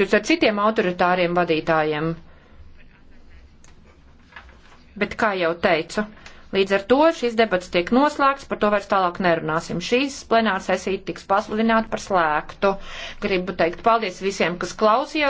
Tur ar citiem autoritāriem vadītājiem. Bet, kā jau teicu, līdz ar to šīs debats tiek noslēgts, par to vairs tālāk nerunāsim. Šīs plenāra sesija tiks pasludināta par slēgtu. Gribu teikt paldies visiem, kas klausījās.